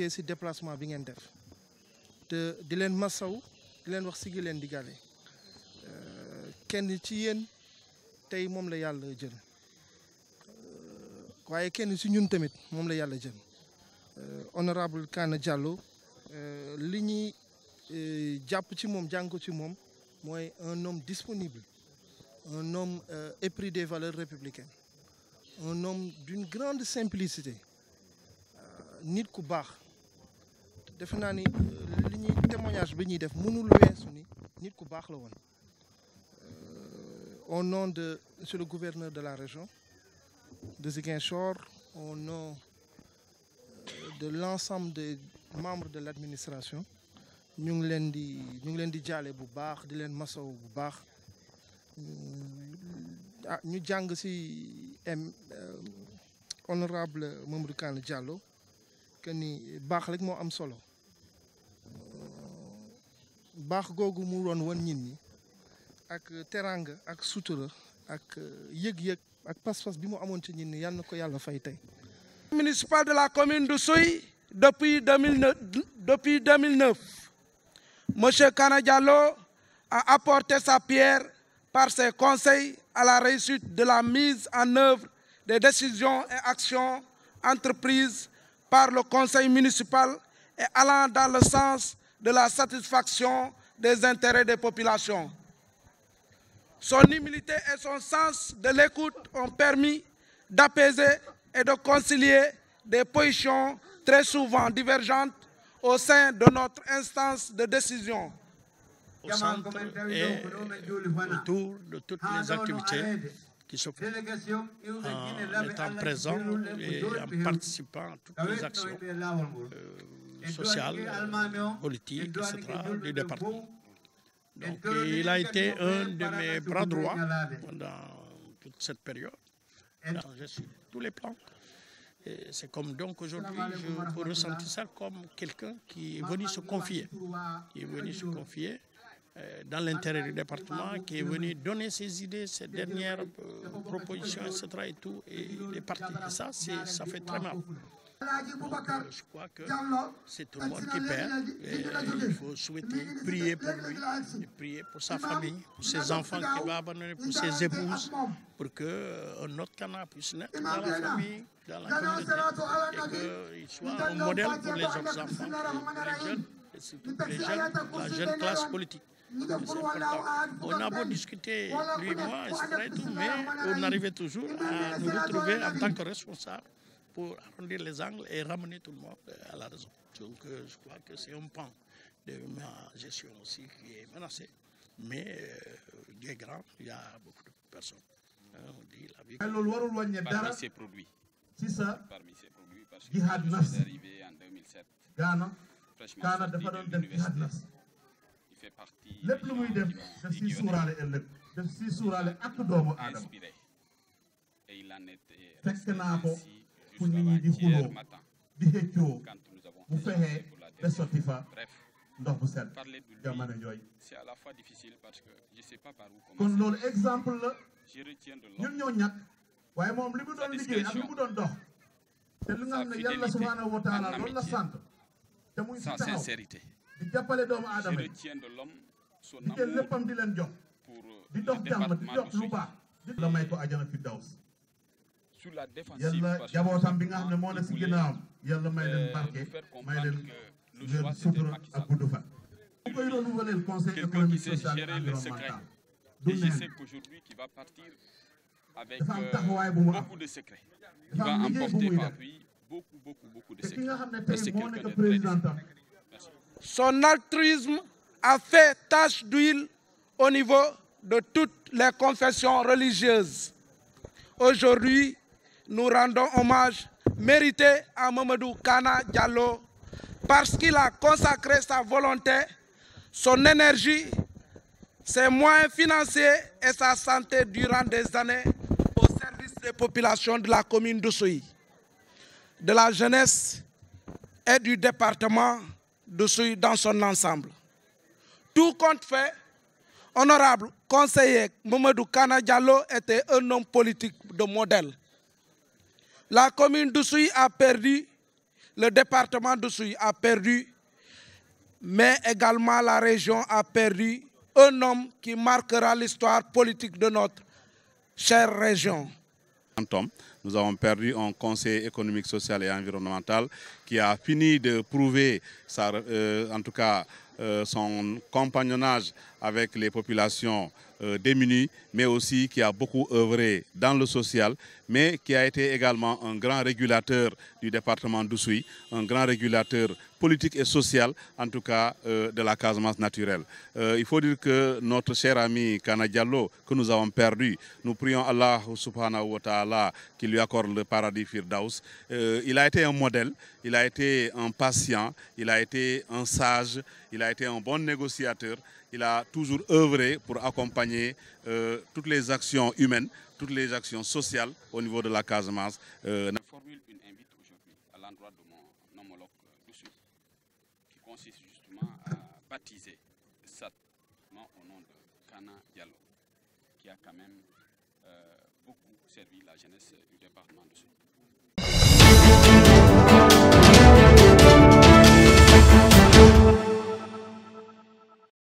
Et ce déplacement bi ngeen De te di len massaw di len wax leyal. len di euh kenn ci tay la euh, euh, honorable Kana Diallo euh, li ñuy japp ci un homme disponible un homme épris des valeurs républicaines un homme d'une grande simplicité nit ku defe naa ni euh, li ñuy témoignage bi ñuy def mënul weesu ni nit ku baax la woon euh, au nom de monsieur le gouverneur de la région de Ziguinchor au nom euh, de l'ensemble des membres de l'administration ñu ngi leen di ñu ngi leen di jaale bu baax di leen masaw bu baax ah, ñu jàng ci m honorable membre Kane Diallo que ni baax rek moo am solo le gogou euh, municipal de la commune de Souy depuis 2009 depuis 2009 monsieur a apporté sa pierre par ses conseils à la réussite de la mise en œuvre des décisions et actions entreprises par le conseil municipal et allant dans le sens de la satisfaction des intérêts des populations. Son humilité et son sens de l'écoute ont permis d'apaiser et de concilier des positions très souvent divergentes au sein de notre instance de décision. autour de toutes les activités qui font, en présent et en participant à toutes les actions. Euh, social, hein. politique, etc., du département. Donc, il a été un de mes bras droits pendant toute cette période. je suis tous les plans. C'est comme donc aujourd'hui, je peux ressentir ça comme quelqu'un qui est venu se confier, euh, qui est venu se confier dans l'intérêt du département, qui est venu donner ses idées, ses dernières euh, propositions, etc. Et, tout, et il est parti. Et ça, ça fait très mal. Je crois que c'est tout le monde qui perd. Et il faut souhaiter, prier pour lui, prier pour sa famille, pour ses enfants qu'il va abandonner, pour ses épouses, pour qu'un euh, autre canard puisse naître dans la famille, dans la communauté, qu'il soit un modèle pour les autres enfants, les jeunes, pour les jeunes, la jeune classe politique. On a beau discuter, lui et moi, mais on arrivait toujours à nous retrouver en tant que responsables arrondir les angles et ramener tout le monde à la raison. Donc euh, je crois que c'est un pan de ma gestion aussi qui est menacé. Mais des euh, grands, il y a beaucoup de personnes. Hein, Parmi ces produits. C'est ça. Parmi ces produits, parce que en 2007. Ghana. de Il fait partie des Il Et il en pour nit ñi di xuloo di xëccoo bu fexee ba sotti fa ndox bu set jamono yooyu kon loolu exemple la ñun ñoo ñàkk waaye moom li mu doon liggéey ak li mu doon dox te li nga xam ne yàlla subhanahu wa taala loolu la sant te muy si taxaw di jàppale doomu aadama yi di jël léppam di leen jox di euh, dox jàmm di dox lu baax la may sur la défensive parce que bout de euh, le quelqu'un qui sait gérer les secrets, et je sais qu'aujourd'hui il va partir avec euh, beaucoup de secrets il va emporter par lui beaucoup beaucoup beaucoup de secrets c'est quelqu'un son altruisme a fait tache d'huile au niveau de toutes les confessions religieuses. Aujourd'hui, nous rendons hommage mérité à Mamadou Kana Diallo parce qu'il a consacré sa volonté, son énergie, ses moyens financiers et sa santé durant des années au service des populations de la commune Soui, de la jeunesse et du département Soui dans son ensemble. Tout compte fait, honorable conseiller Mamadou Kana Diallo était un homme politique de modèle. La commune d'Oussouy a perdu, le département d'Oussouy a perdu, mais également la région a perdu un homme qui marquera l'histoire politique de notre chère région. Nous avons perdu un conseil économique, social et environnemental qui a fini de prouver, euh, en tout cas, euh, son compagnonnage avec les populations euh, mais aussi qui a beaucoup œuvré dans le social, mais qui a été également un grand régulateur du département d'Oussoui, un grand régulateur politique et social, en tout cas euh, de la casemasse naturelle. Euh, il faut dire que notre cher ami Kana Diallo, que nous avons perdu, nous prions Allah subhanahu wa ta'ala qui lui accorde le paradis Firdaus. il a été un modèle, il a été un patient, il a été un sage, il a été un bon négociateur, il a toujours œuvré pour accompagner euh, toutes les actions humaines, toutes les actions sociales au niveau de la Casamance. Euh, Je formule une invite aujourd'hui à l'endroit de mon homologue Doussou, euh, qui consiste justement à baptiser Sat au nom de Kana Diallo, qui a quand même euh, beaucoup servi la jeunesse du département de Soudan.